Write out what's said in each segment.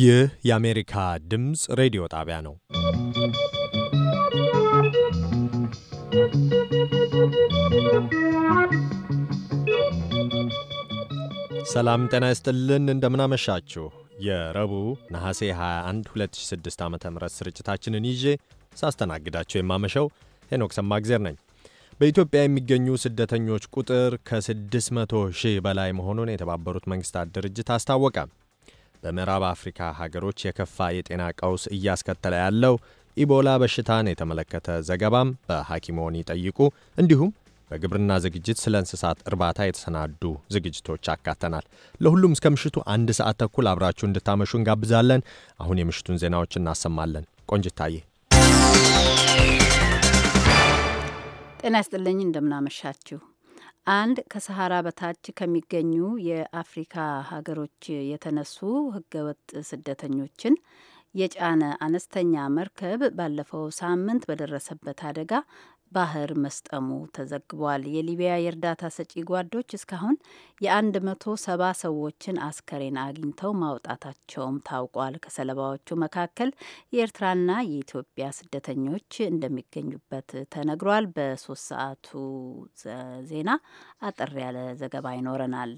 ይህ የአሜሪካ ድምፅ ሬዲዮ ጣቢያ ነው። ሰላም ጤና ይስጥልን። እንደምናመሻችሁ የረቡዕ ነሐሴ 21 2006 ዓ ም ስርጭታችንን ይዤ ሳስተናግዳችሁ የማመሸው ሄኖክ ሰማግዜር ነኝ። በኢትዮጵያ የሚገኙ ስደተኞች ቁጥር ከ600 ሺህ በላይ መሆኑን የተባበሩት መንግስታት ድርጅት አስታወቀ። በምዕራብ አፍሪካ ሀገሮች የከፋ የጤና ቀውስ እያስከተለ ያለው ኢቦላ በሽታን የተመለከተ ዘገባም በሐኪሞን ይጠይቁ እንዲሁም በግብርና ዝግጅት ስለ እንስሳት እርባታ የተሰናዱ ዝግጅቶች አካተናል። ለሁሉም እስከ ምሽቱ አንድ ሰዓት ተኩል አብራችሁ እንድታመሹ እንጋብዛለን። አሁን የምሽቱን ዜናዎች እናሰማለን። ቆንጅታዬ ጤና ይስጥልኝ እንደምናመሻችሁ። አንድ ከሰሃራ በታች ከሚገኙ የአፍሪካ ሀገሮች የተነሱ ህገወጥ ስደተኞችን የጫነ አነስተኛ መርከብ ባለፈው ሳምንት በደረሰበት አደጋ ባህር መስጠሙ ተዘግቧል። የሊቢያ የእርዳታ ሰጪ ጓዶች እስካሁን የአንድ መቶ ሰባ ሰዎችን አስከሬን አግኝተው ማውጣታቸውም ታውቋል። ከሰለባዎቹ መካከል የኤርትራና የኢትዮጵያ ስደተኞች እንደሚገኙበት ተነግሯል። በሶስት ሰዓቱ ዜና አጠር ያለ ዘገባ ይኖረናል።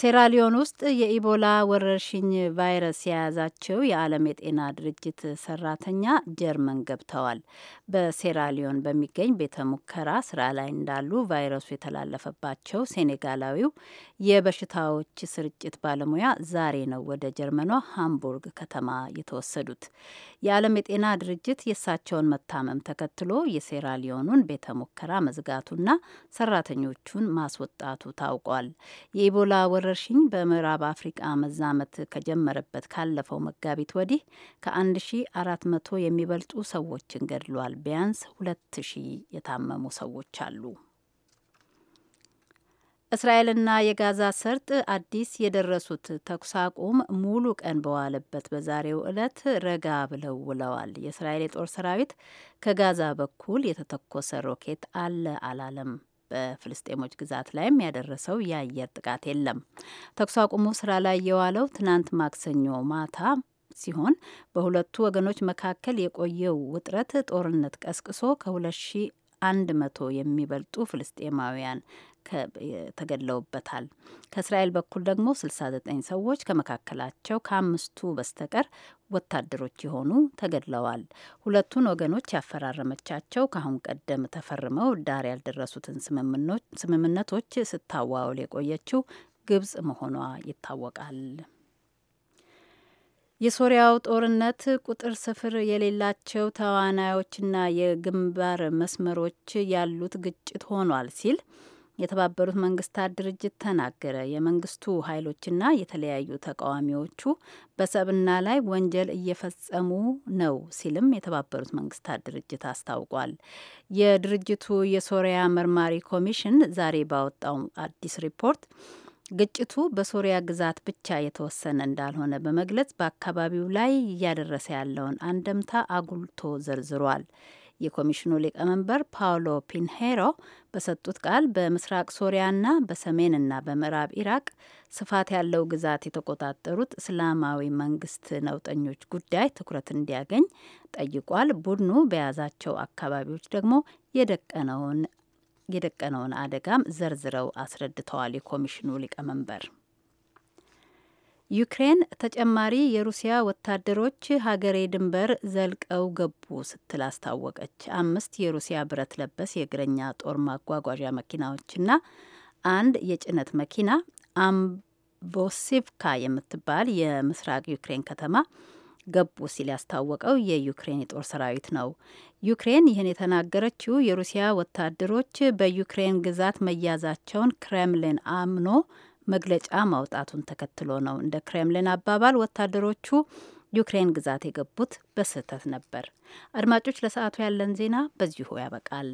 ሴራሊዮን ውስጥ የኢቦላ ወረርሽኝ ቫይረስ የያዛቸው የዓለም የጤና ድርጅት ሰራተኛ ጀርመን ገብተዋል። በሴራሊዮን በሚገኝ ቤተ ሙከራ ስራ ላይ እንዳሉ ቫይረሱ የተላለፈባቸው ሴኔጋላዊው የበሽታዎች ስርጭት ባለሙያ ዛሬ ነው ወደ ጀርመኗ ሃምቡርግ ከተማ የተወሰዱት። የዓለም የጤና ድርጅት የእሳቸውን መታመም ተከትሎ የሴራሊዮኑን ቤተ ሙከራ መዝጋቱና ሰራተኞቹን ማስወጣቱ ታውቋል። የኢቦላ ወረርሽኝ በምዕራብ አፍሪቃ መዛመት ከጀመረበት ካለፈው መጋቢት ወዲህ ከ1400 የሚበልጡ ሰዎችን ገድሏል። ቢያንስ 2000 የታመሙ ሰዎች አሉ። እስራኤልና የጋዛ ሰርጥ አዲስ የደረሱት ተኩስ አቁም ሙሉ ቀን በዋለበት በዛሬው ዕለት ረጋ ብለው ውለዋል። የእስራኤል የጦር ሰራዊት ከጋዛ በኩል የተተኮሰ ሮኬት አለ አላለም። በፍልስጤሞች ግዛት ላይም ያደረሰው የአየር ጥቃት የለም። ተኩስ አቁሙ ስራ ላይ የዋለው ትናንት ማክሰኞ ማታ ሲሆን በሁለቱ ወገኖች መካከል የቆየው ውጥረት ጦርነት ቀስቅሶ ከ2 ሺህ የሚበልጡ ፍልስጤማውያን ተገድለውበታል። ከእስራኤል በኩል ደግሞ 69 ሰዎች ከመካከላቸው ከአምስቱ በስተቀር ወታደሮች የሆኑ ተገድለዋል። ሁለቱን ወገኖች ያፈራረመቻቸው ከአሁን ቀደም ተፈርመው ዳር ያልደረሱትን ስምምነቶች ስታዋውል የቆየችው ግብጽ መሆኗ ይታወቃል። የሶሪያው ጦርነት ቁጥር ስፍር የሌላቸው ተዋናዮችና የግንባር መስመሮች ያሉት ግጭት ሆኗል ሲል የተባበሩት መንግስታት ድርጅት ተናገረ። የመንግስቱ ኃይሎችና የተለያዩ ተቃዋሚዎቹ በሰብና ላይ ወንጀል እየፈጸሙ ነው ሲልም የተባበሩት መንግስታት ድርጅት አስታውቋል። የድርጅቱ የሶሪያ መርማሪ ኮሚሽን ዛሬ ባወጣው አዲስ ሪፖርት ግጭቱ በሶሪያ ግዛት ብቻ የተወሰነ እንዳልሆነ በመግለጽ በአካባቢው ላይ እያደረሰ ያለውን አንደምታ አጉልቶ ዘርዝሯል። የኮሚሽኑ ሊቀመንበር ፓውሎ ፒንሄሮ በሰጡት ቃል በምስራቅ ሶሪያና በሰሜንና በምዕራብ ኢራቅ ስፋት ያለው ግዛት የተቆጣጠሩት እስላማዊ መንግስት ነውጠኞች ጉዳይ ትኩረት እንዲያገኝ ጠይቋል። ቡድኑ በያዛቸው አካባቢዎች ደግሞ የደቀነውን የደቀነውን አደጋም ዘርዝረው አስረድተዋል የኮሚሽኑ ሊቀመንበር ዩክሬን ተጨማሪ የሩሲያ ወታደሮች ሀገሬ ድንበር ዘልቀው ገቡ ስትል አስታወቀች። አምስት የሩሲያ ብረት ለበስ የእግረኛ ጦር ማጓጓዣ መኪናዎችና አንድ የጭነት መኪና አምቦሲቭካ የምትባል የምስራቅ ዩክሬን ከተማ ገቡ ሲል ያስታወቀው የዩክሬን የጦር ሰራዊት ነው። ዩክሬን ይህን የተናገረችው የሩሲያ ወታደሮች በዩክሬን ግዛት መያዛቸውን ክሬምሊን አምኖ መግለጫ ማውጣቱን ተከትሎ ነው። እንደ ክሬምሊን አባባል ወታደሮቹ ዩክሬን ግዛት የገቡት በስህተት ነበር። አድማጮች፣ ለሰዓቱ ያለን ዜና በዚሁ ያበቃል።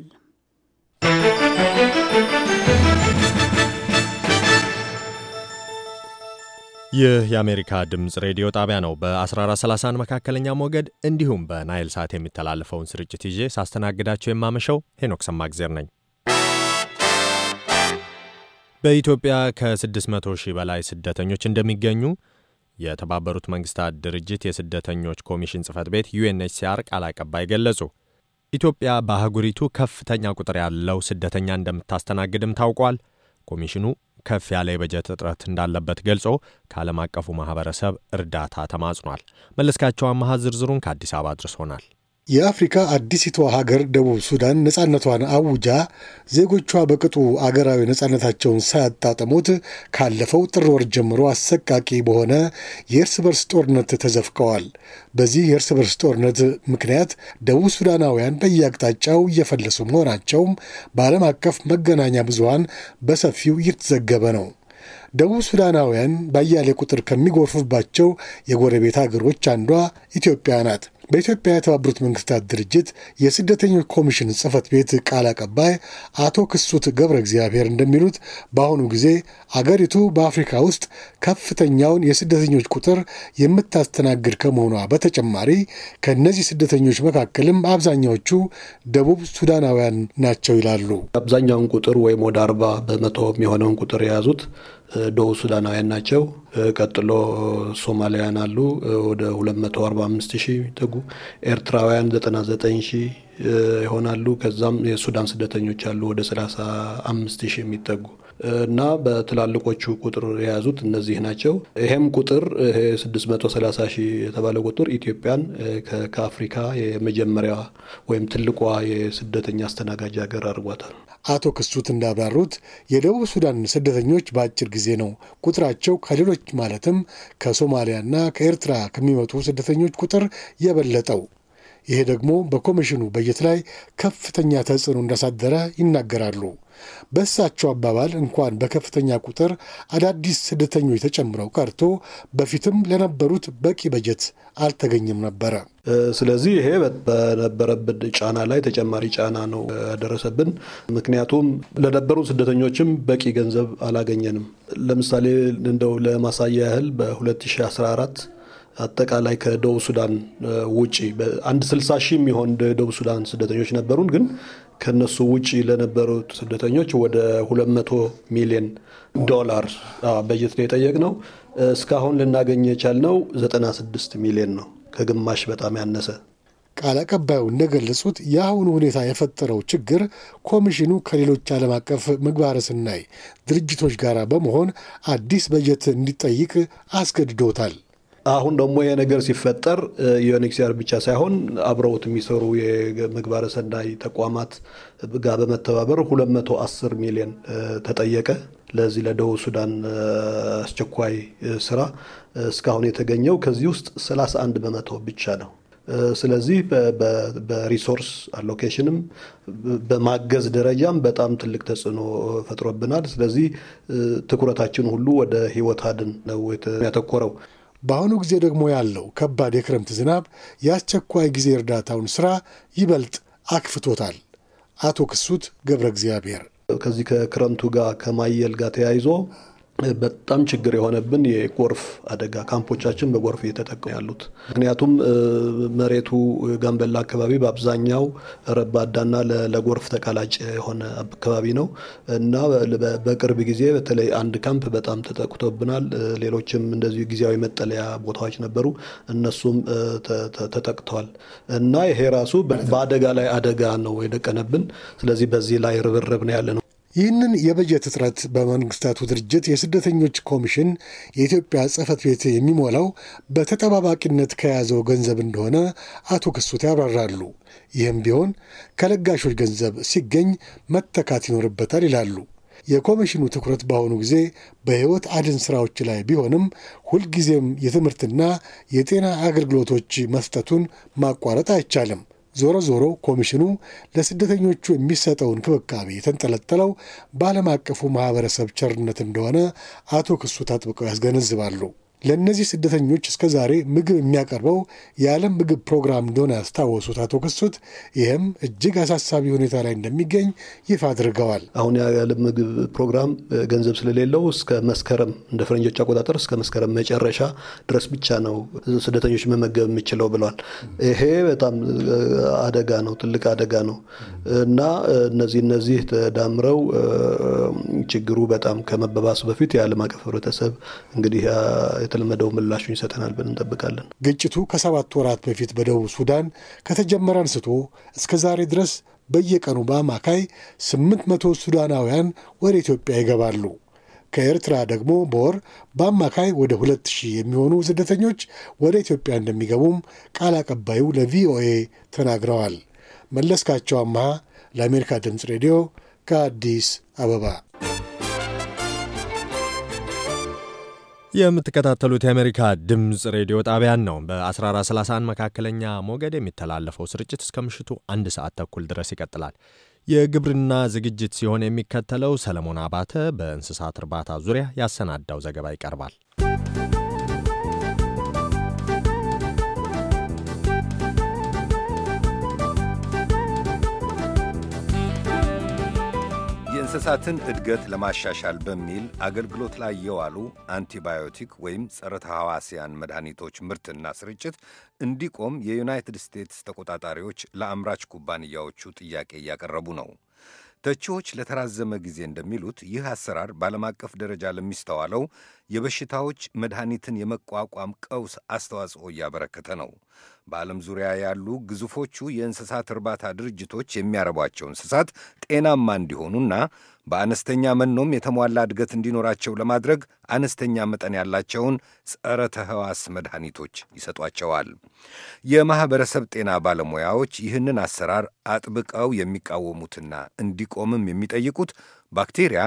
ይህ የአሜሪካ ድምፅ ሬዲዮ ጣቢያ ነው። በ1430 መካከለኛ ሞገድ እንዲሁም በናይል ሰዓት የሚተላለፈውን ስርጭት ይዤ ሳስተናግዳቸው የማመሸው ሄኖክ ሰማግዜር ነኝ። በኢትዮጵያ ከ600 ሺህ በላይ ስደተኞች እንደሚገኙ የተባበሩት መንግስታት ድርጅት የስደተኞች ኮሚሽን ጽህፈት ቤት ዩኤንኤችሲአር ቃል አቀባይ ገለጹ። ኢትዮጵያ በአህጉሪቱ ከፍተኛ ቁጥር ያለው ስደተኛ እንደምታስተናግድም ታውቋል። ኮሚሽኑ ከፍ ያለ የበጀት እጥረት እንዳለበት ገልጾ ከዓለም አቀፉ ማኅበረሰብ እርዳታ ተማጽኗል። መለስካቸው አመሃ ዝርዝሩን ከአዲስ አበባ አድርሶናል። የአፍሪካ አዲሲቷ ሀገር ደቡብ ሱዳን ነፃነቷን አውጃ ዜጎቿ በቅጡ አገራዊ ነፃነታቸውን ሳያጣጥሙት ካለፈው ጥር ወር ጀምሮ አሰቃቂ በሆነ የእርስ በርስ ጦርነት ተዘፍቀዋል። በዚህ የእርስ በርስ ጦርነት ምክንያት ደቡብ ሱዳናውያን በየአቅጣጫው እየፈለሱ መሆናቸውም በዓለም አቀፍ መገናኛ ብዙሃን በሰፊው እየተዘገበ ነው። ደቡብ ሱዳናውያን በያሌ ቁጥር ከሚጎርፉባቸው የጎረቤት አገሮች አንዷ ኢትዮጵያ ናት። በኢትዮጵያ የተባበሩት መንግስታት ድርጅት የስደተኞች ኮሚሽን ጽህፈት ቤት ቃል አቀባይ አቶ ክሱት ገብረ እግዚአብሔር እንደሚሉት በአሁኑ ጊዜ አገሪቱ በአፍሪካ ውስጥ ከፍተኛውን የስደተኞች ቁጥር የምታስተናግድ ከመሆኗ በተጨማሪ ከእነዚህ ስደተኞች መካከልም አብዛኛዎቹ ደቡብ ሱዳናውያን ናቸው ይላሉ። አብዛኛውን ቁጥር ወይም ወደ አርባ በመቶ የሚሆነውን ቁጥር የያዙት ደቡብ ሱዳናውያን ናቸው። ቀጥሎ ሶማሊያውያን አሉ ወደ 245 ሺህ የሚጠጉ ኤርትራውያን 99 ሺህ ይሆናሉ። ከዛም የሱዳን ስደተኞች አሉ ወደ 35 ሺህ የሚጠጉ እና በትላልቆቹ ቁጥር የያዙት እነዚህ ናቸው። ይሄም ቁጥር 630 ሺህ የተባለ ቁጥር ኢትዮጵያን ከአፍሪካ የመጀመሪያ ወይም ትልቋ የስደተኛ አስተናጋጅ ሀገር አድርጓታል። አቶ ክሱት እንዳብራሩት የደቡብ ሱዳን ስደተኞች በአጭር ጊዜ ነው ቁጥራቸው ከሌሎች ማለትም ከሶማሊያና ከኤርትራ ከሚመጡ ስደተኞች ቁጥር የበለጠው። ይሄ ደግሞ በኮሚሽኑ በጀት ላይ ከፍተኛ ተጽዕኖ እንዳሳደረ ይናገራሉ። በእሳቸው አባባል እንኳን በከፍተኛ ቁጥር አዳዲስ ስደተኞች ተጨምረው ቀርቶ በፊትም ለነበሩት በቂ በጀት አልተገኘም ነበረ። ስለዚህ ይሄ በነበረብን ጫና ላይ ተጨማሪ ጫና ነው ያደረሰብን። ምክንያቱም ለነበሩት ስደተኞችም በቂ ገንዘብ አላገኘንም። ለምሳሌ እንደው ለማሳያ ያህል በ2014 አጠቃላይ ከደቡብ ሱዳን ውጪ አንድ 60 ሺህ የሚሆን ደቡብ ሱዳን ስደተኞች ነበሩን ግን ከነሱ ውጭ ለነበሩት ስደተኞች ወደ 200 ሚሊዮን ዶላር በጀት ነው የጠየቅነው። እስካሁን ልናገኝ የቻልነው 96 ሚሊዮን ነው፣ ከግማሽ በጣም ያነሰ። ቃል አቀባዩ እንደገለጹት የአሁኑ ሁኔታ የፈጠረው ችግር ኮሚሽኑ ከሌሎች ዓለም አቀፍ ምግባረ ሰናይ ድርጅቶች ጋር በመሆን አዲስ በጀት እንዲጠይቅ አስገድዶታል። አሁን ደግሞ ይሄ ነገር ሲፈጠር ዩኤንኤችሲአር ብቻ ሳይሆን አብረውት የሚሰሩ የምግባረ ሰናይ ተቋማት ጋር በመተባበር 210 ሚሊዮን ተጠየቀ ለዚህ ለደቡብ ሱዳን አስቸኳይ ስራ እስካሁን የተገኘው ከዚህ ውስጥ 31 በመቶ ብቻ ነው። ስለዚህ በሪሶርስ አሎኬሽንም በማገዝ ደረጃም በጣም ትልቅ ተጽዕኖ ፈጥሮብናል። ስለዚህ ትኩረታችን ሁሉ ወደ ህይወት አድን ነው ያተኮረው። በአሁኑ ጊዜ ደግሞ ያለው ከባድ የክረምት ዝናብ የአስቸኳይ ጊዜ እርዳታውን ስራ ይበልጥ አክፍቶታል። አቶ ክሱት ገብረ እግዚአብሔር ከዚህ ከክረምቱ ጋር ከማየል ጋር ተያይዞ በጣም ችግር የሆነብን የጎርፍ አደጋ ካምፖቻችን በጎርፍ እየተጠቀሙ ያሉት ምክንያቱም መሬቱ ጋንበላ አካባቢ በአብዛኛው ረባዳና ለጎርፍ ተቃላጭ የሆነ አካባቢ ነው እና በቅርብ ጊዜ በተለይ አንድ ካምፕ በጣም ተጠቅቶብናል። ሌሎችም እንደዚሁ ጊዜያዊ መጠለያ ቦታዎች ነበሩ፣ እነሱም ተጠቅተዋል እና ይሄ ራሱ በአደጋ ላይ አደጋ ነው የደቀነብን። ስለዚህ በዚህ ላይ ርብርብ ነው ያለ ነው። ይህንን የበጀት እጥረት በመንግስታቱ ድርጅት የስደተኞች ኮሚሽን የኢትዮጵያ ጽህፈት ቤት የሚሞላው በተጠባባቂነት ከያዘው ገንዘብ እንደሆነ አቶ ክሱት ያብራራሉ። ይህም ቢሆን ከለጋሾች ገንዘብ ሲገኝ መተካት ይኖርበታል ይላሉ። የኮሚሽኑ ትኩረት በአሁኑ ጊዜ በሕይወት አድን ስራዎች ላይ ቢሆንም ሁልጊዜም የትምህርትና የጤና አገልግሎቶች መስጠቱን ማቋረጥ አይቻልም። ዞሮ ዞሮ ኮሚሽኑ ለስደተኞቹ የሚሰጠው እንክብካቤ የተንጠለጠለው በዓለም አቀፉ ማህበረሰብ ቸርነት እንደሆነ አቶ ክሱ ታጥብቀው ያስገነዝባሉ። ለእነዚህ ስደተኞች እስከ ዛሬ ምግብ የሚያቀርበው የዓለም ምግብ ፕሮግራም እንደሆነ ያስታወሱት አቶ ክሱት ይህም እጅግ አሳሳቢ ሁኔታ ላይ እንደሚገኝ ይፋ አድርገዋል። አሁን የዓለም ምግብ ፕሮግራም ገንዘብ ስለሌለው እስከ መስከረም እንደ ፈረንጆች አቆጣጠር እስከ መስከረም መጨረሻ ድረስ ብቻ ነው ስደተኞች መመገብ የሚችለው ብለዋል። ይሄ በጣም አደጋ ነው፣ ትልቅ አደጋ ነው እና እነዚህ እነዚህ ተዳምረው ችግሩ በጣም ከመባባሱ በፊት የዓለም አቀፍ ህብረተሰብ እንግዲህ የተለመደው ምላሹን ይሰጠናል ብን እንጠብቃለን። ግጭቱ ከሰባት ወራት በፊት በደቡብ ሱዳን ከተጀመረ አንስቶ እስከ ዛሬ ድረስ በየቀኑ በአማካይ ስምንት መቶ ሱዳናውያን ወደ ኢትዮጵያ ይገባሉ። ከኤርትራ ደግሞ በወር በአማካይ ወደ ሁለት ሺህ የሚሆኑ ስደተኞች ወደ ኢትዮጵያ እንደሚገቡም ቃል አቀባዩ ለቪኦኤ ተናግረዋል። መለስካቸው አምሃ ለአሜሪካ ድምፅ ሬዲዮ ከአዲስ አበባ የምትከታተሉት የአሜሪካ ድምፅ ሬዲዮ ጣቢያን ነው። በ1431 መካከለኛ ሞገድ የሚተላለፈው ስርጭት እስከ ምሽቱ አንድ ሰዓት ተኩል ድረስ ይቀጥላል። የግብርና ዝግጅት ሲሆን የሚከተለው ሰለሞን አባተ በእንስሳት እርባታ ዙሪያ ያሰናዳው ዘገባ ይቀርባል። የእንስሳትን እድገት ለማሻሻል በሚል አገልግሎት ላይ የዋሉ አንቲባዮቲክ ወይም ጸረ ተሐዋስያን መድኃኒቶች ምርትና ስርጭት እንዲቆም የዩናይትድ ስቴትስ ተቆጣጣሪዎች ለአምራች ኩባንያዎቹ ጥያቄ እያቀረቡ ነው። ተቺዎች ለተራዘመ ጊዜ እንደሚሉት ይህ አሰራር በዓለም አቀፍ ደረጃ ለሚስተዋለው የበሽታዎች መድኃኒትን የመቋቋም ቀውስ አስተዋጽኦ እያበረከተ ነው። በዓለም ዙሪያ ያሉ ግዙፎቹ የእንስሳት እርባታ ድርጅቶች የሚያረቧቸው እንስሳት ጤናማ እንዲሆኑና በአነስተኛ መኖም የተሟላ እድገት እንዲኖራቸው ለማድረግ አነስተኛ መጠን ያላቸውን ጸረ ተህዋስ መድኃኒቶች ይሰጧቸዋል። የማኅበረሰብ ጤና ባለሙያዎች ይህንን አሰራር አጥብቀው የሚቃወሙትና እንዲቆምም የሚጠይቁት ባክቴሪያ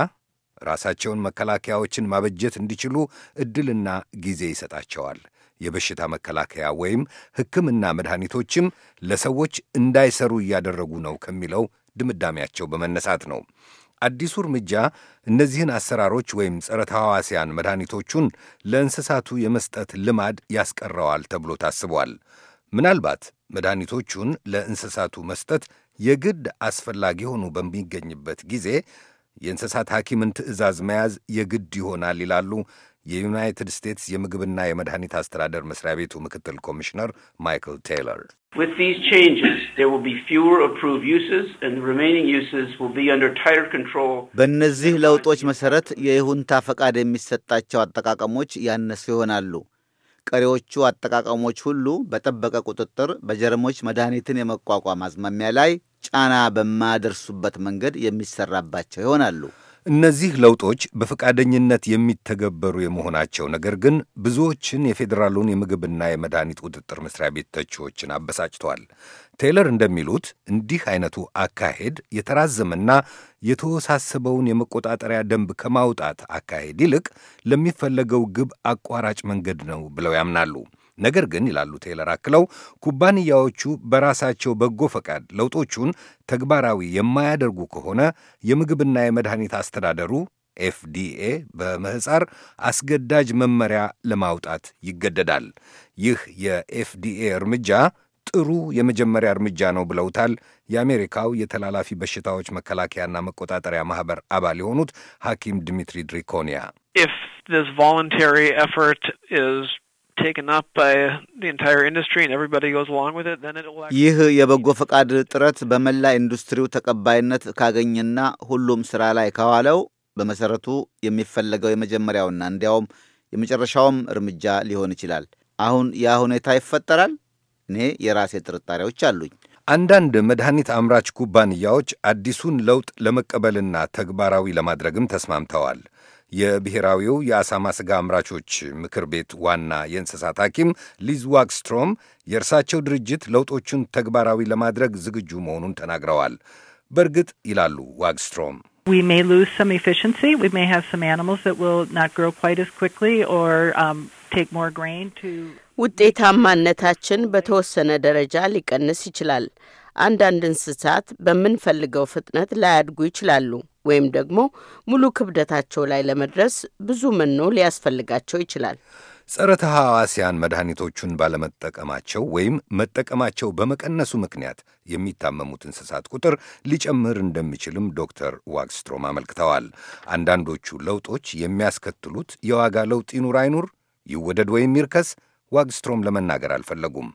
ራሳቸውን መከላከያዎችን ማበጀት እንዲችሉ ዕድልና ጊዜ ይሰጣቸዋል። የበሽታ መከላከያ ወይም ሕክምና መድኃኒቶችም ለሰዎች እንዳይሰሩ እያደረጉ ነው ከሚለው ድምዳሜያቸው በመነሳት ነው። አዲሱ እርምጃ እነዚህን አሰራሮች ወይም ጸረ ተሐዋስያን መድኃኒቶቹን ለእንስሳቱ የመስጠት ልማድ ያስቀረዋል ተብሎ ታስቧል። ምናልባት መድኃኒቶቹን ለእንስሳቱ መስጠት የግድ አስፈላጊ ሆኑ በሚገኝበት ጊዜ የእንስሳት ሐኪምን ትዕዛዝ መያዝ የግድ ይሆናል ይላሉ የዩናይትድ ስቴትስ የምግብና የመድኃኒት አስተዳደር መስሪያ ቤቱ ምክትል ኮሚሽነር ማይክል ቴይለር በእነዚህ ለውጦች መሠረት የይሁንታ ፈቃድ የሚሰጣቸው አጠቃቀሞች ያነሱ ይሆናሉ። ቀሪዎቹ አጠቃቀሞች ሁሉ በጠበቀ ቁጥጥር በጀርሞች መድኃኒትን የመቋቋም አዝማሚያ ላይ ጫና በማያደርሱበት መንገድ የሚሰራባቸው ይሆናሉ። እነዚህ ለውጦች በፈቃደኝነት የሚተገበሩ የመሆናቸው ነገር ግን ብዙዎችን የፌዴራሉን የምግብና የመድኃኒት ቁጥጥር መስሪያ ቤት ተቺዎችን አበሳጭተዋል። ቴይለር እንደሚሉት እንዲህ አይነቱ አካሄድ የተራዘመና የተወሳሰበውን የመቆጣጠሪያ ደንብ ከማውጣት አካሄድ ይልቅ ለሚፈለገው ግብ አቋራጭ መንገድ ነው ብለው ያምናሉ። ነገር ግን ይላሉ ቴይለር አክለው ኩባንያዎቹ በራሳቸው በጎ ፈቃድ ለውጦቹን ተግባራዊ የማያደርጉ ከሆነ የምግብና የመድኃኒት አስተዳደሩ ኤፍዲኤ በምህፃር አስገዳጅ መመሪያ ለማውጣት ይገደዳል። ይህ የኤፍዲኤ እርምጃ ጥሩ የመጀመሪያ እርምጃ ነው ብለውታል። የአሜሪካው የተላላፊ በሽታዎች መከላከያና መቆጣጠሪያ ማህበር አባል የሆኑት ሐኪም ድሚትሪ ድሪኮንያ ይህ የበጎ ፈቃድ ጥረት በመላ ኢንዱስትሪው ተቀባይነት ካገኘና ሁሉም ስራ ላይ ከዋለው በመሰረቱ የሚፈለገው የመጀመሪያውና እንዲያውም የመጨረሻውም እርምጃ ሊሆን ይችላል። አሁን ያ ሁኔታ ይፈጠራል? እኔ የራሴ ጥርጣሬዎች አሉኝ። አንዳንድ መድኃኒት አምራች ኩባንያዎች አዲሱን ለውጥ ለመቀበልና ተግባራዊ ለማድረግም ተስማምተዋል። የብሔራዊው የአሳማ ስጋ አምራቾች ምክር ቤት ዋና የእንስሳት ሐኪም ሊዝ ዋክስትሮም የእርሳቸው ድርጅት ለውጦቹን ተግባራዊ ለማድረግ ዝግጁ መሆኑን ተናግረዋል። በእርግጥ ይላሉ ዋግስትሮም we may lose some efficiency. We may have some animals that will not grow quite as quickly or um, take more grain to. ውጤታማነታችን በተወሰነ ደረጃ ሊቀንስ ይችላል። አንዳንድ እንስሳት በምንፈልገው ፍጥነት ላያድጉ ይችላሉ። ወይም ደግሞ ሙሉ ክብደታቸው ላይ ለመድረስ ብዙ መኖ ሊያስፈልጋቸው ይችላል። ጸረ ተሐዋስያን መድኃኒቶቹን ባለመጠቀማቸው ወይም መጠቀማቸው በመቀነሱ ምክንያት የሚታመሙት እንስሳት ቁጥር ሊጨምር እንደሚችልም ዶክተር ዋግስትሮም አመልክተዋል። አንዳንዶቹ ለውጦች የሚያስከትሉት የዋጋ ለውጥ ይኑር አይኑር፣ ይወደድ ወይም ይርከስ ዋግስትሮም ለመናገር አልፈለጉም።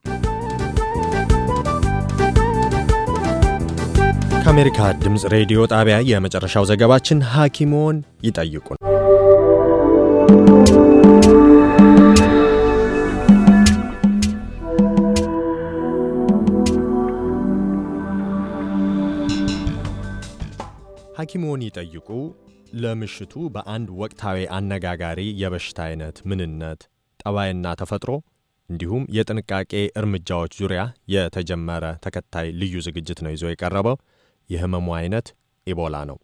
ከአሜሪካ ድምፅ ሬዲዮ ጣቢያ የመጨረሻው ዘገባችን ሐኪሞን ይጠይቁን። ሐኪሞን ይጠይቁ ለምሽቱ በአንድ ወቅታዊ አነጋጋሪ የበሽታ አይነት ምንነት፣ ጠባይና ተፈጥሮ እንዲሁም የጥንቃቄ እርምጃዎች ዙሪያ የተጀመረ ተከታይ ልዩ ዝግጅት ነው ይዞ የቀረበው። የህመሙ አይነት ኢቦላ ነው።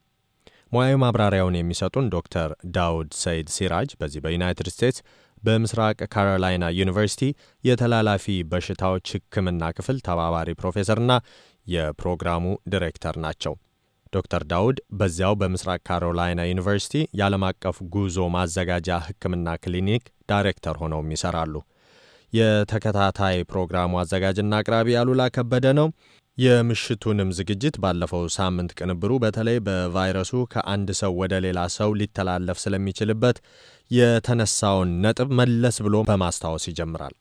ሙያዊ ማብራሪያውን የሚሰጡን ዶክተር ዳውድ ሰይድ ሲራጅ በዚህ በዩናይትድ ስቴትስ በምስራቅ ካሮላይና ዩኒቨርሲቲ የተላላፊ በሽታዎች ሕክምና ክፍል ተባባሪ ፕሮፌሰርና የፕሮግራሙ ዲሬክተር ናቸው። ዶክተር ዳውድ በዚያው በምስራቅ ካሮላይና ዩኒቨርሲቲ የዓለም አቀፍ ጉዞ ማዘጋጃ ሕክምና ክሊኒክ ዳይሬክተር ሆነውም ይሰራሉ። የተከታታይ ፕሮግራሙ አዘጋጅና አቅራቢ አሉላ ከበደ ነው። የምሽቱንም ዝግጅት ባለፈው ሳምንት ቅንብሩ በተለይ በቫይረሱ ከአንድ ሰው ወደ ሌላ ሰው ሊተላለፍ ስለሚችልበት የተነሳውን ነጥብ መለስ ብሎ በማስታወስ ይጀምራል።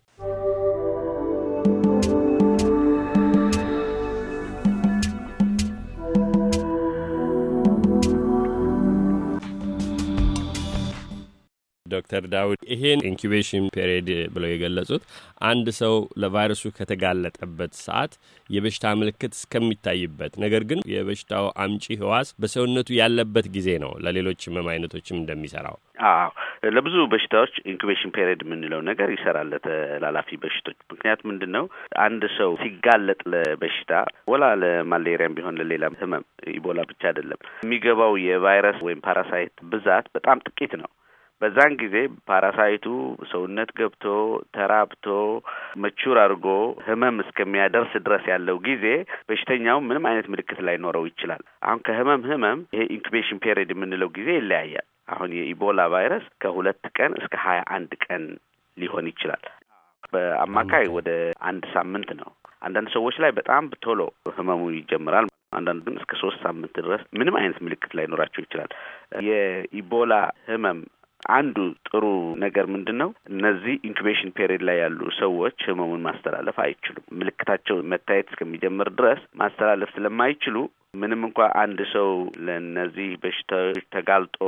ዶክተር ዳዊት ይሄን ኢንኩቤሽን ፔሪድ ብለው የገለጹት አንድ ሰው ለቫይረሱ ከተጋለጠበት ሰዓት የበሽታ ምልክት እስከሚታይበት ነገር ግን የበሽታው አምጪ ህዋስ በሰውነቱ ያለበት ጊዜ ነው። ለሌሎች ህመም አይነቶችም እንደሚሰራው አዎ፣ ለብዙ በሽታዎች ኢንኩቤሽን ፔሪድ የምንለው ነገር ይሰራል ለተላላፊ በሽቶች። ምክንያት ምንድን ነው? አንድ ሰው ሲጋለጥ ለበሽታ ወላ ለማሌሪያም ቢሆን ለሌላ ህመም ኢቦላ ብቻ አይደለም የሚገባው የቫይረስ ወይም ፓራሳይት ብዛት በጣም ጥቂት ነው። በዛን ጊዜ ፓራሳይቱ ሰውነት ገብቶ ተራብቶ መቹር አድርጎ ህመም እስከሚያደርስ ድረስ ያለው ጊዜ በሽተኛው ምንም አይነት ምልክት ላይኖረው ይችላል። አሁን ከህመም ህመም ይሄ ኢንኩቤሽን ፔሪድ የምንለው ጊዜ ይለያያል። አሁን የኢቦላ ቫይረስ ከሁለት ቀን እስከ ሀያ አንድ ቀን ሊሆን ይችላል። በአማካይ ወደ አንድ ሳምንት ነው። አንዳንድ ሰዎች ላይ በጣም ቶሎ ህመሙ ይጀምራል። አንዳንድ ግን እስከ ሶስት ሳምንት ድረስ ምንም አይነት ምልክት ላይኖራቸው ይችላል። የኢቦላ ህመም አንዱ ጥሩ ነገር ምንድን ነው? እነዚህ ኢንኩቤሽን ፔሪድ ላይ ያሉ ሰዎች ህመሙን ማስተላለፍ አይችሉም። ምልክታቸው መታየት እስከሚጀምር ድረስ ማስተላለፍ ስለማይችሉ ምንም እንኳ አንድ ሰው ለእነዚህ በሽታዎች ተጋልጦ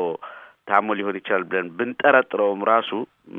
ታሞ ሊሆን ይችላል ብለን ብንጠረጥረውም ራሱ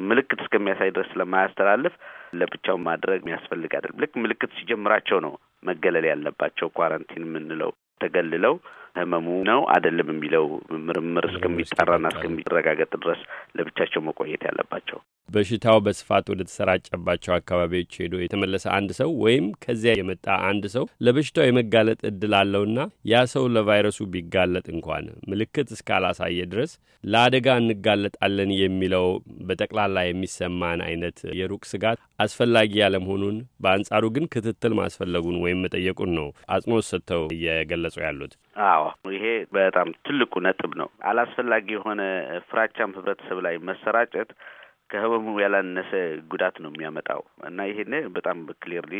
ምልክት እስከሚያሳይ ድረስ ስለማያስተላልፍ ለብቻው ማድረግ የሚያስፈልግ አይደለም። ልክ ምልክት ሲጀምራቸው ነው መገለል ያለባቸው ኳረንቲን የምንለው ተገልለው ህመሙ ነው አይደለም የሚለው ምርምር እስከሚጠራና እስከሚረጋገጥ ድረስ ለብቻቸው መቆየት ያለባቸው በሽታው በስፋት ወደ ተሰራጨባቸው አካባቢዎች ሄዶ የተመለሰ አንድ ሰው ወይም ከዚያ የመጣ አንድ ሰው ለበሽታው የመጋለጥ እድል አለውና ያ ሰው ለቫይረሱ ቢጋለጥ እንኳን ምልክት እስካላሳየ ድረስ ለአደጋ እንጋለጣለን የሚለው በጠቅላላ የሚሰማን አይነት የሩቅ ስጋት አስፈላጊ ያለመሆኑን በአንጻሩ ግን ክትትል ማስፈለጉን ወይም መጠየቁን ነው አጽንኦት ሰጥተው እየገለጹ ያሉት። አዎ ይሄ በጣም ትልቁ ነጥብ ነው። አላስፈላጊ የሆነ ፍራቻም ህብረተሰብ ላይ መሰራጨት ከህመሙ ያላነሰ ጉዳት ነው የሚያመጣው እና ይሄን በጣም ክሊርሊ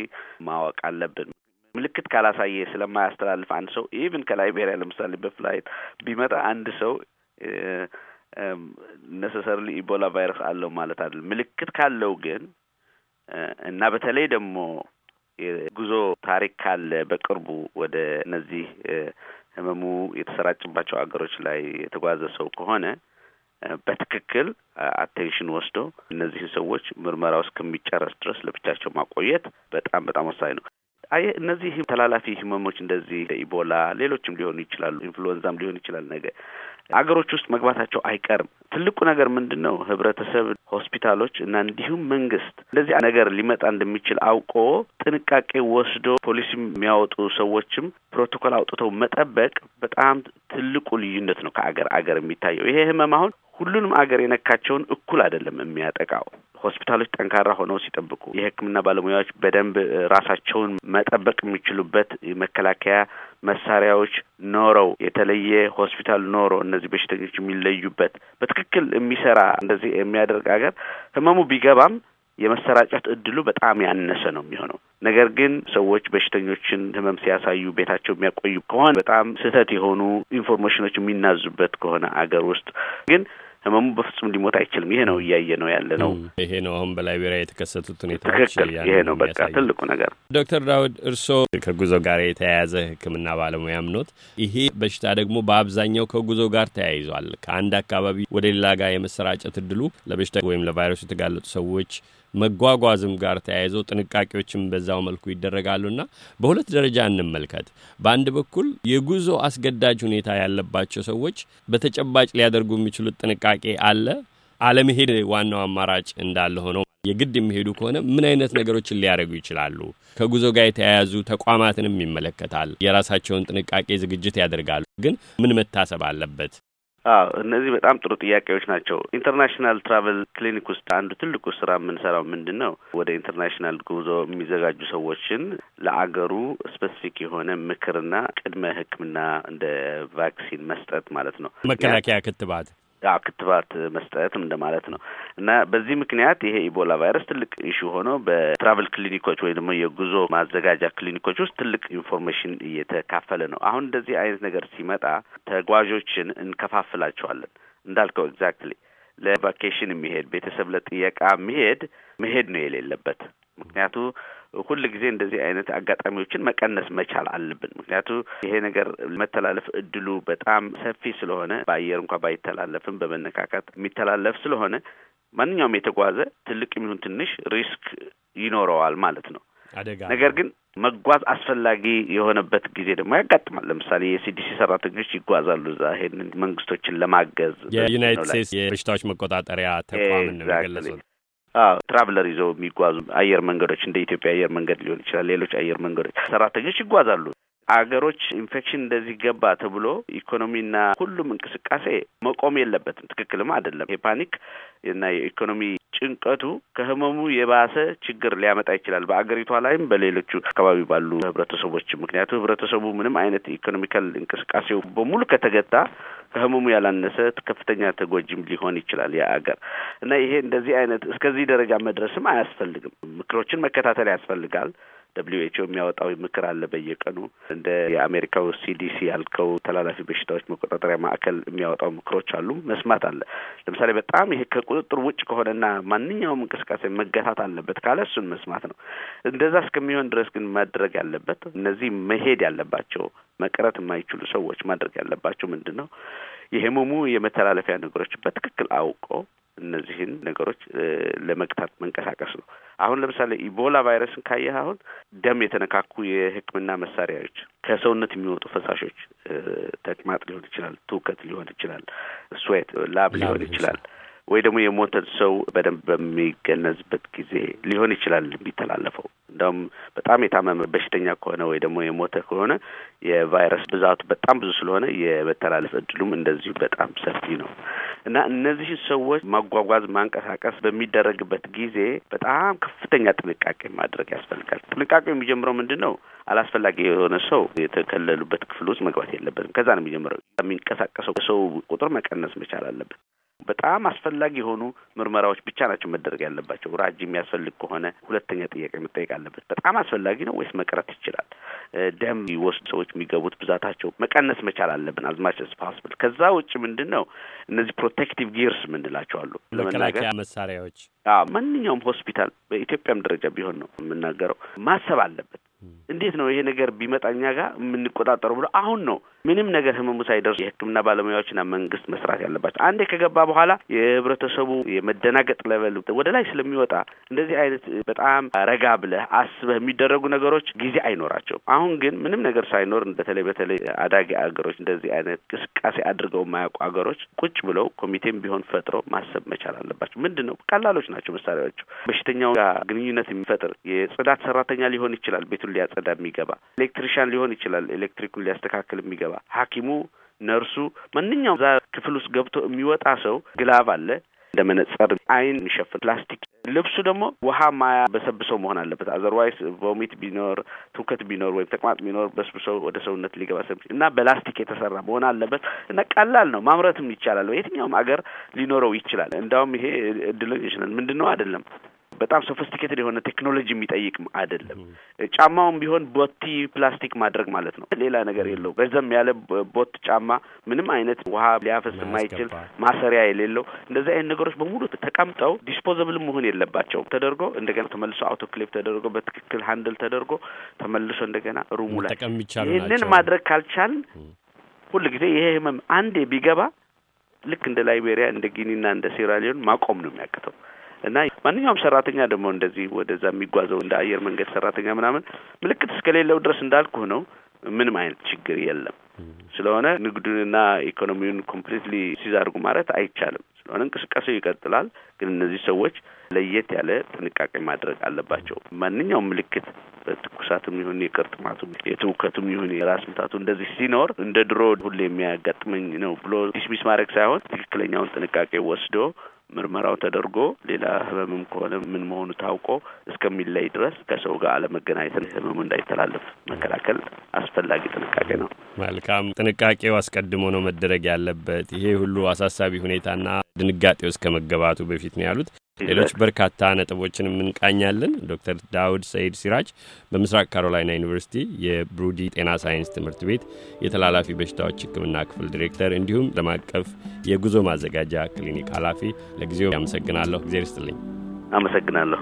ማወቅ አለብን። ምልክት ካላሳየ ስለማያስተላልፍ አንድ ሰው ኢቭን ከላይቤሪያ ለምሳሌ በፍላይት ቢመጣ አንድ ሰው ነሰሰርሊ ኢቦላ ቫይረስ አለው ማለት አይደለም። ምልክት ካለው ግን እና በተለይ ደግሞ የጉዞ ታሪክ ካለ በቅርቡ ወደ እነዚህ ህመሙ የተሰራጭባቸው አገሮች ላይ የተጓዘ ሰው ከሆነ በትክክል አቴንሽን ወስዶ እነዚህን ሰዎች ምርመራ እስከሚጨረስ ድረስ ለብቻቸው ማቆየት በጣም በጣም ወሳኝ ነው። አየ እነዚህ ተላላፊ ህመሞች እንደዚህ ኢቦላ፣ ሌሎችም ሊሆኑ ይችላሉ፣ ኢንፍሉዌንዛም ሊሆን ይችላል ነገ አገሮች ውስጥ መግባታቸው አይቀርም። ትልቁ ነገር ምንድን ነው? ህብረተሰብ፣ ሆስፒታሎች እና እንዲሁም መንግስት እንደዚህ ነገር ሊመጣ እንደሚችል አውቆ ጥንቃቄ ወስዶ ፖሊሲ የሚያወጡ ሰዎችም ፕሮቶኮል አውጥተው መጠበቅ በጣም ትልቁ ልዩነት ነው ከአገር አገር የሚታየው። ይሄ ህመም አሁን ሁሉንም አገር የነካቸውን እኩል አይደለም የሚያጠቃው። ሆስፒታሎች ጠንካራ ሆነው ሲጠብቁ፣ የሕክምና ባለሙያዎች በደንብ ራሳቸውን መጠበቅ የሚችሉበት መከላከያ መሳሪያዎች ኖረው የተለየ ሆስፒታል ኖሮ እነዚህ በሽተኞች የሚለዩበት በትክክል የሚሰራ እንደዚህ የሚያደርግ ሀገር ህመሙ ቢገባም የመሰራጨት እድሉ በጣም ያነሰ ነው የሚሆነው። ነገር ግን ሰዎች በሽተኞችን ህመም ሲያሳዩ ቤታቸው የሚያቆዩ ከሆነ በጣም ስህተት የሆኑ ኢንፎርሜሽኖች የሚናዙበት ከሆነ አገር ውስጥ ግን ህመሙ በፍጹም ሊሞት አይችልም። ይሄ ነው እያየ ነው ያለ ነው። ይሄ ነው አሁን በላይቤሪያ የተከሰቱት ሁኔታዎች። ትክክል። ይሄ ነው በቃ ትልቁ ነገር። ዶክተር ዳውድ እርስዎ ከጉዞ ጋር የተያያዘ ሕክምና ባለሙያም ኖት። ይሄ በሽታ ደግሞ በአብዛኛው ከጉዞ ጋር ተያይዟል። ከአንድ አካባቢ ወደ ሌላ ጋር የመሰራጨት እድሉ ለበሽታ ወይም ለቫይረሱ የተጋለጡ ሰዎች መጓጓዝም ጋር ተያይዞ ጥንቃቄዎችም በዛው መልኩ ይደረጋሉና በሁለት ደረጃ እንመልከት። በአንድ በኩል የጉዞ አስገዳጅ ሁኔታ ያለባቸው ሰዎች በተጨባጭ ሊያደርጉ የሚችሉት ጥንቃቄ አለ። አለመሄድ ዋናው አማራጭ እንዳለ ሆኖ የግድ የሚሄዱ ከሆነ ምን አይነት ነገሮችን ሊያደርጉ ይችላሉ? ከጉዞ ጋር የተያያዙ ተቋማትንም ይመለከታል። የራሳቸውን ጥንቃቄ ዝግጅት ያደርጋሉ፣ ግን ምን መታሰብ አለበት? አዎ እነዚህ በጣም ጥሩ ጥያቄዎች ናቸው። ኢንተርናሽናል ትራቨል ክሊኒክ ውስጥ አንዱ ትልቁ ስራ የምንሰራው ምንድን ነው? ወደ ኢንተርናሽናል ጉዞ የሚዘጋጁ ሰዎችን ለአገሩ ስፔሲፊክ የሆነ ምክርና ቅድመ ሕክምና እንደ ቫክሲን መስጠት ማለት ነው። መከላከያ ክትባት ያ ክትባት መስጠት እንደማለት ነው እና በዚህ ምክንያት ይሄ ኢቦላ ቫይረስ ትልቅ ኢሹ ሆኖ በትራቭል ክሊኒኮች ወይ ደግሞ የጉዞ ማዘጋጃ ክሊኒኮች ውስጥ ትልቅ ኢንፎርሜሽን እየተካፈለ ነው። አሁን እንደዚህ አይነት ነገር ሲመጣ ተጓዦችን እንከፋፍላቸዋለን እንዳልከው ኤግዛክትሊ ለቫኬሽን የሚሄድ ቤተሰብ ለጥየቃ የሚሄድ መሄድ ነው የሌለበት ምክንያቱ ሁል ጊዜ እንደዚህ አይነት አጋጣሚዎችን መቀነስ መቻል አለብን። ምክንያቱ ይሄ ነገር መተላለፍ እድሉ በጣም ሰፊ ስለሆነ በአየር እንኳ ባይተላለፍም በመነካካት የሚተላለፍ ስለሆነ ማንኛውም የተጓዘ ትልቅ የሚሆን ትንሽ ሪስክ ይኖረዋል ማለት ነው። አደጋ ነገር ግን መጓዝ አስፈላጊ የሆነበት ጊዜ ደግሞ ያጋጥማል። ለምሳሌ የሲዲሲ ሰራተኞች ይጓዛሉ እዛ ይሄንን መንግስቶችን ለማገዝ የዩናይትድ ስቴትስ የበሽታዎች መቆጣጠሪያ ተቋምን ነው የገለጹት። ትራቭለር ይዘው የሚጓዙ አየር መንገዶች እንደ ኢትዮጵያ አየር መንገድ ሊሆን ይችላል። ሌሎች አየር መንገዶች ሰራተኞች ይጓዛሉ። አገሮች ኢንፌክሽን እንደዚህ ገባ ተብሎ ኢኮኖሚና ሁሉም እንቅስቃሴ መቆም የለበትም። ትክክልም አይደለም። የፓኒክ እና የኢኮኖሚ ጭንቀቱ ከህመሙ የባሰ ችግር ሊያመጣ ይችላል። በአገሪቷ ላይም በሌሎቹ አካባቢ ባሉ ህብረተሰቦች ምክንያቱ ህብረተሰቡ ምንም አይነት ኢኮኖሚካል እንቅስቃሴው በሙሉ ከተገታ ከህመሙ ያላነሰ ከፍተኛ ተጎጂም ሊሆን ይችላል የአገር እና ይሄ እንደዚህ አይነት እስከዚህ ደረጃ መድረስም አያስፈልግም። ምክሮችን መከታተል ያስፈልጋል። ደብሊው ኤች ኦ የሚያወጣው ምክር አለ በየቀኑ እንደ የአሜሪካው ሲዲሲ ያልከው ተላላፊ በሽታዎች መቆጣጠሪያ ማዕከል የሚያወጣው ምክሮች አሉ። መስማት አለ። ለምሳሌ በጣም ይሄ ከቁጥጥር ውጭ ከሆነና ማንኛውም እንቅስቃሴ መገታት አለበት ካለ እሱን መስማት ነው። እንደዛ እስከሚሆን ድረስ ግን ማድረግ ያለበት እነዚህ መሄድ ያለባቸው መቅረት የማይችሉ ሰዎች ማድረግ ያለባቸው ምንድን ነው? የህመሙ የመተላለፊያ ነገሮች በትክክል አውቀው እነዚህን ነገሮች ለመግታት መንቀሳቀስ ነው። አሁን ለምሳሌ ኢቦላ ቫይረስን ካየህ አሁን ደም የተነካኩ የሕክምና መሳሪያዎች፣ ከሰውነት የሚወጡ ፈሳሾች፣ ተቅማጥ ሊሆን ይችላል፣ ትውከት ሊሆን ይችላል፣ ስዌት ላብ ሊሆን ይችላል ወይ ደግሞ የሞተን ሰው በደንብ በሚገነዝበት ጊዜ ሊሆን ይችላል የሚተላለፈው። እንዲሁም በጣም የታመመ በሽተኛ ከሆነ ወይ ደግሞ የሞተ ከሆነ የቫይረስ ብዛቱ በጣም ብዙ ስለሆነ የመተላለፍ እድሉም እንደዚሁ በጣም ሰፊ ነው እና እነዚህ ሰዎች ማጓጓዝ፣ ማንቀሳቀስ በሚደረግበት ጊዜ በጣም ከፍተኛ ጥንቃቄ ማድረግ ያስፈልጋል። ጥንቃቄ የሚጀምረው ምንድን ነው? አላስፈላጊ የሆነ ሰው የተከለሉበት ክፍል ውስጥ መግባት የለበትም። ከዛ ነው የሚጀምረው። የሚንቀሳቀሰው ሰው ቁጥር መቀነስ መቻል አለበት። በጣም አስፈላጊ የሆኑ ምርመራዎች ብቻ ናቸው መደረግ ያለባቸው። ራጅ የሚያስፈልግ ከሆነ ሁለተኛ ጥያቄ መጠየቅ አለበት። በጣም አስፈላጊ ነው ወይስ መቅረት ይችላል? ደም ይወስዱ ሰዎች የሚገቡት ብዛታቸው መቀነስ መቻል አለብን አዝማች ስፓስብል። ከዛ ውጭ ምንድን ነው እነዚህ ፕሮቴክቲቭ ጊርስ ምንላቸው አሉ ለመናገር መሳሪያዎች። ማንኛውም ሆስፒታል በኢትዮጵያም ደረጃ ቢሆን ነው የምናገረው ማሰብ አለበት እንዴት ነው ይሄ ነገር ቢመጣ እኛ ጋር የምንቆጣጠረው ብሎ አሁን ነው ምንም ነገር ህመሙ ሳይደርስ የህክምና ባለሙያዎችና መንግስት መስራት ያለባቸው። አንዴ ከገባ በኋላ የህብረተሰቡ የመደናገጥ ለበል ወደ ላይ ስለሚወጣ እንደዚህ አይነት በጣም ረጋ ብለህ አስበህ የሚደረጉ ነገሮች ጊዜ አይኖራቸውም። አሁን ግን ምንም ነገር ሳይኖር በተለይ በተለይ አዳጊ አገሮች እንደዚህ አይነት እንቅስቃሴ አድርገው የማያውቁ አገሮች ቁጭ ብለው ኮሚቴም ቢሆን ፈጥሮ ማሰብ መቻል አለባቸው። ምንድን ነው ቀላሎች ናቸው መሳሪያዎቹ። በሽተኛው ጋር ግንኙነት የሚፈጥር የጽዳት ሰራተኛ ሊሆን ይችላል ቤቱን ሊያጸዳ የሚገባ ኤሌክትሪሻን ሊሆን ይችላል፣ ኤሌክትሪኩን ሊያስተካክል የሚገባ ሐኪሙ፣ ነርሱ፣ ማንኛውም እዛ ክፍል ውስጥ ገብቶ የሚወጣ ሰው ግላብ አለ እንደ መነጸር አይን የሚሸፍን ፕላስቲክ ልብሱ ደግሞ ውሃ ማያ በሰብሰው መሆን አለበት። አዘርዋይስ ቮሚት ቢኖር ትውከት ቢኖር ወይም ተቅማጥ ቢኖር በስብሰው ወደ ሰውነት ሊገባ ሰብ እና በላስቲክ የተሰራ መሆን አለበት እና ቀላል ነው። ማምረትም ይቻላል። የትኛውም አገር ሊኖረው ይችላል። እንዳውም ይሄ እድለኞች ነን። ምንድን ነው አይደለም በጣም ሶፊስቲኬትድ የሆነ ቴክኖሎጂ የሚጠይቅ አይደለም። ጫማውን ቢሆን ቦቲ ፕላስቲክ ማድረግ ማለት ነው። ሌላ ነገር የለው። ረዘም ያለ ቦት ጫማ፣ ምንም አይነት ውሃ ሊያፈስ የማይችል ማሰሪያ የሌለው እንደዚህ አይነት ነገሮች በሙሉ ተቀምጠው ዲስፖዘብል መሆን የለባቸውም ተደርጎ እንደገና ተመልሶ አውቶክሌቭ ተደርጎ በትክክል ሃንድል ተደርጎ ተመልሶ እንደገና ሩሙ ላይ ይህንን ማድረግ ካልቻልን ጊዜ ይሄ ህመም አንዴ ቢገባ ልክ እንደ ላይቤሪያ እንደ ጊኒና እንደ ሴራሊዮን ማቆም ነው የሚያቅተው። እና ማንኛውም ሰራተኛ ደግሞ እንደዚህ ወደዛ የሚጓዘው እንደ አየር መንገድ ሰራተኛ ምናምን ምልክት እስከሌለው ድረስ እንዳልኩህ ነው ምንም አይነት ችግር የለም። ስለሆነ ንግዱንና ኢኮኖሚውን ኮምፕሊትሊ ሲዛርጉ ማለት አይቻልም። ስለሆነ እንቅስቃሴው ይቀጥላል። ግን እነዚህ ሰዎች ለየት ያለ ጥንቃቄ ማድረግ አለባቸው። ማንኛውም ምልክት በትኩሳትም ይሁን የቅርጥማቱም የትውከቱም ይሁን የራስ ምታቱ እንደዚህ ሲኖር እንደ ድሮ ሁሌ የሚያጋጥመኝ ነው ብሎ ዲስሚስ ማድረግ ሳይሆን ትክክለኛውን ጥንቃቄ ወስዶ ምርመራው ተደርጎ ሌላ ህመምም ከሆነ ምን መሆኑ ታውቆ እስከሚለይ ድረስ ከሰው ጋር አለመገናኘትን ህመሙ እንዳይተላለፍ መከላከል አስፈላጊ ጥንቃቄ ነው። መልካም ጥንቃቄው አስቀድሞ ነው መደረግ ያለበት። ይሄ ሁሉ አሳሳቢ ሁኔታና ድንጋጤ ውስጥ ከመገባቱ በፊት ነው ያሉት። ሌሎች በርካታ ነጥቦችን የምንቃኛለን። ዶክተር ዳውድ ሰይድ ሲራጅ በምስራቅ ካሮላይና ዩኒቨርሲቲ የብሩዲ ጤና ሳይንስ ትምህርት ቤት የተላላፊ በሽታዎች ሕክምና ክፍል ዲሬክተር እንዲሁም ዓለም አቀፍ የጉዞ ማዘጋጃ ክሊኒክ ኃላፊ፣ ለጊዜው ያመሰግናለሁ። እግዜር ይስጥልኝ። አመሰግናለሁ።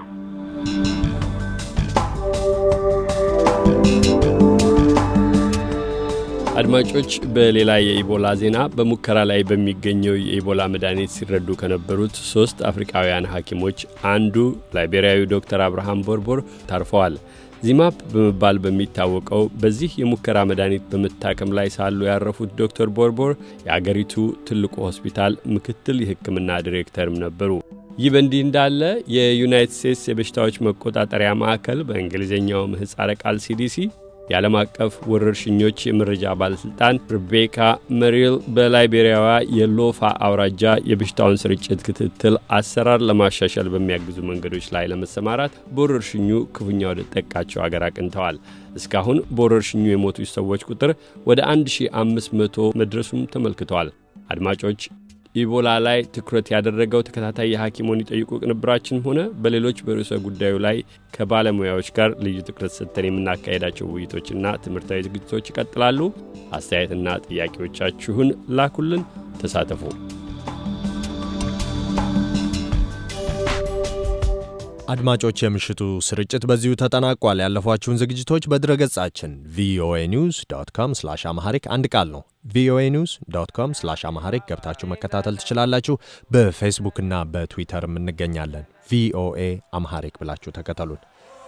አድማጮች በሌላ የኢቦላ ዜና በሙከራ ላይ በሚገኘው የኢቦላ መድኃኒት ሲረዱ ከነበሩት ሶስት አፍሪካውያን ሐኪሞች አንዱ ላይቤሪያዊ ዶክተር አብርሃም ቦርቦር ታርፈዋል። ዚማፕ በመባል በሚታወቀው በዚህ የሙከራ መድኃኒት በመታከም ላይ ሳሉ ያረፉት ዶክተር ቦርቦር የአገሪቱ ትልቁ ሆስፒታል ምክትል የሕክምና ዲሬክተርም ነበሩ። ይህ በእንዲህ እንዳለ የዩናይትድ ስቴትስ የበሽታዎች መቆጣጠሪያ ማዕከል በእንግሊዝኛው ምህፃረ ቃል ሲዲሲ የዓለም አቀፍ ወረርሽኞች የመረጃ ባለሥልጣን ሪቤካ መሪል በላይቤሪያዋ የሎፋ አውራጃ የበሽታውን ስርጭት ክትትል አሰራር ለማሻሻል በሚያግዙ መንገዶች ላይ ለመሰማራት በወረርሽኙ ክፉኛ ወደ ጠቃቸው አገር አቅንተዋል። እስካሁን በወረርሽኙ የሞቱ ሰዎች ቁጥር ወደ 1500 መድረሱም ተመልክቷል። አድማጮች ኢቦላ ላይ ትኩረት ያደረገው ተከታታይ የሐኪሞን ይጠይቁ ቅንብራችን ሆነ በሌሎች በርዕሰ ጉዳዩ ላይ ከባለሙያዎች ጋር ልዩ ትኩረት ሰጥተን የምናካሄዳቸው ውይይቶችና ትምህርታዊ ዝግጅቶች ይቀጥላሉ። አስተያየትና ጥያቄዎቻችሁን ላኩልን። ተሳተፉ። አድማጮች፣ የምሽቱ ስርጭት በዚሁ ተጠናቋል። ያለፏችሁን ዝግጅቶች በድረገጻችን ቪኦኤ ኒውስ ዶት ኮም ስላሽ አማሐሪክ አንድ ቃል ነው ቪኦኤ ኒውስ ዶት ኮም ስላሽ አማሐሪክ ገብታችሁ መከታተል ትችላላችሁ። በፌስቡክና በትዊተርም እንገኛለን። ቪኦኤ አማሐሪክ ብላችሁ ተከተሉን።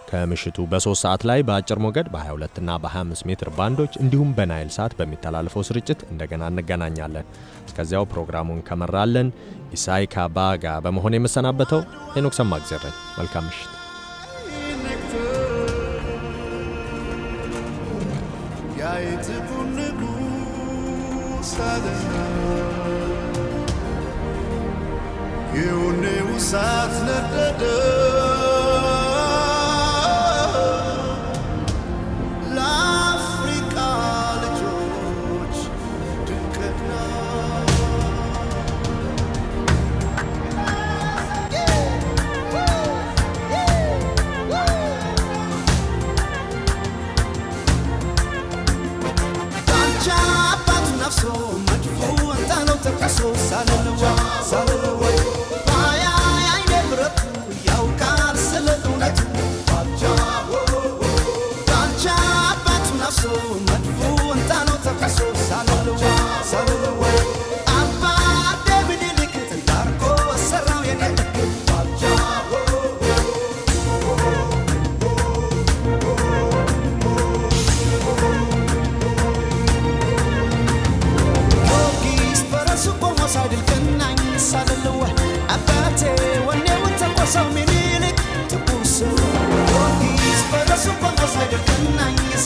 ከምሽቱ በሶስት ሰዓት ላይ በአጭር ሞገድ በ22 እና በ25 ሜትር ባንዶች እንዲሁም በናይል ሳት በሚተላለፈው ስርጭት እንደገና እንገናኛለን። እስከዚያው ፕሮግራሙን ከመራለን ኢሳይ ካባ ጋር በመሆን የምሰናበተው ሄኖክ ሰማግዜር ነኝ። መልካም ምሽት። የውኔው እሳት